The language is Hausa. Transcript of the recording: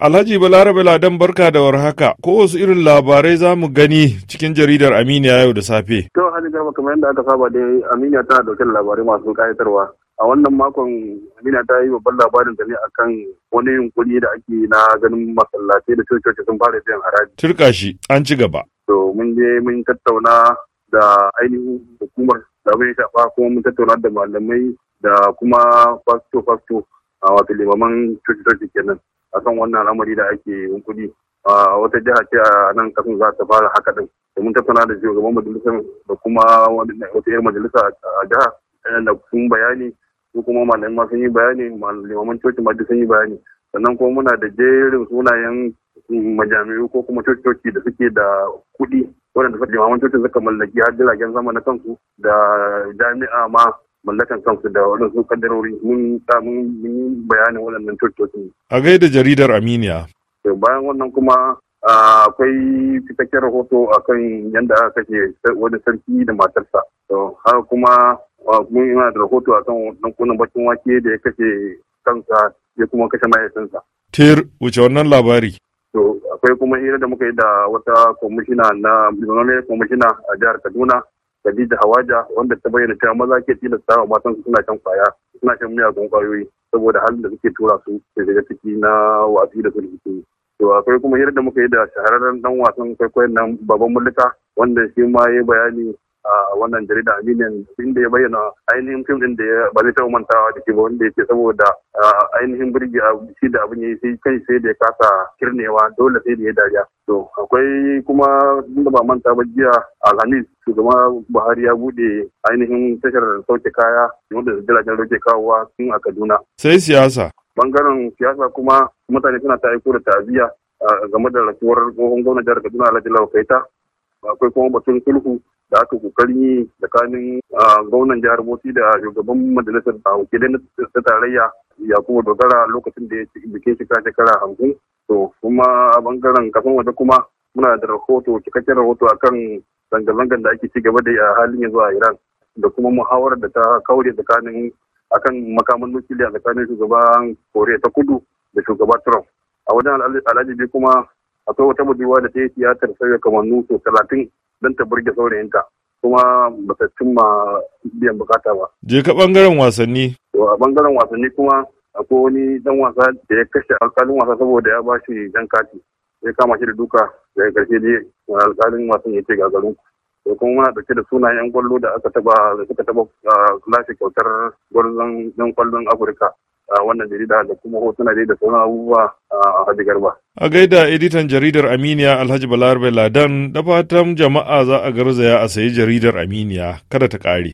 Alhaji Balarabe Ladan barka da warhaka ko wasu irin labarai za mu gani cikin jaridar Aminiya yau da safe. To hali garba kamar yadda aka saba dai Aminiya tana dauke da labarai masu kayatarwa. A wannan makon Aminiya ta yi babban labarin da ne akan wani yunkuri da ake na ganin masallatai da cococi sun fara biyan haraji. Turka shi an ci gaba. To mun je mun tattauna da ainihin hukumar da mun shafa kuma mun tattauna da malamai da kuma fasto fasto a wato limaman coci-coci kenan. akan wannan al'amari da ake yin kuɗi wata jiha ce a nan kasan za ta fara haka din domin tattauna da shugaban majalisar da kuma wata yar majalisa a jiha da sun bayani su kuma malamai ma sun yi bayani limaman coci ma sun yi bayani sannan kuma muna da jerin sunayen majami'u ko kuma coci da suke da kuɗi waɗanda limaman cocin suka mallaki har jiragen sama na kansu da jami'a ma mallakan kansu da waɗansu kaddarori mun mun yi bayanin waɗannan tuttoci. A gaida jaridar Aminiya. Bayan wannan kuma akwai fitakken rahoto akan yadda aka kashe wani sarki da matarsa. Haka kuma mun yi da rahoto akan wannan kunan bakin wake da ya kashe kansa ya kuma kashe mahaifinsa. Tir wuce wannan labari. To akwai kuma hira da muka yi da wata kwamishina na kwamishina a jihar Kaduna Khadija Hawaja wanda ta bayyana cewa maza ke tilasta wa matan su suna shan kwaya suna shan miyagun kwayoyi saboda halin da suke tura su da daga ciki na wasu da su rikici. to akwai kuma hirar da muka yi da shahararren dan wasan kwaikwayon nan baban mulka wanda shi ma ya bayani a wannan jarida aminin inda ya bayyana ainihin fim din da ya ba zai taɓa mantawa da ke ba wanda ya ce saboda ainihin birgi shi da abin ya yi sai kai sai da ya kasa kirnewa dole sai da ya dariya to akwai kuma inda ba manta ba jiya alhamis shugaba buhari ya bude ainihin tashar sauke kaya wanda jiragen rage kawowa tun a kaduna sai siyasa bangaren siyasa kuma mutane suna ta aiko da ta'aziyya game da rasuwar tsohon gwamnan jihar kaduna alhaji lawa kaita akwai kuma batun sulhu da aka kokarin yi tsakanin gwamnan jihar Bauchi da shugaban majalisar da na tarayya Yakubu Dogara lokacin da ya ci bikin shekara shekara hamsin. To kuma a bangaren kasan waje kuma muna da rahoto cikakken rahoto akan zanga-zangar da ake ci gaba da a halin yanzu a Iran da kuma muhawarar da ta kaure tsakanin akan makaman nukiliya tsakanin shugaban Koriya ta Kudu da shugaban Trump. A wajen bai kuma akwai wata budurwa da ta yi tiyatar sauya kamannu so talatin don ta burge saurayinta kuma ba ta cimma biyan bukata ba. Je ka bangaren wasanni. To a bangaren wasanni kuma akwai wani dan wasa da ya kashe alkalin wasa saboda ya ba shi jan kati ya kama shi da duka ya karshe dai alkalin wasan ya ce gagarin to kuma muna dauke da sunayen kwallo da aka taba da suka taba lashe kyautar gwarzon dan kwallon Afirka a wannan jarida da kuma hotuna dai da sauran abubuwa a Hadi Garba. A gaida editan jaridar Aminiya Alhaji Balarabe Ladan da fatan jama'a za a garzaya a sayi jaridar Aminiya kada ta ƙare.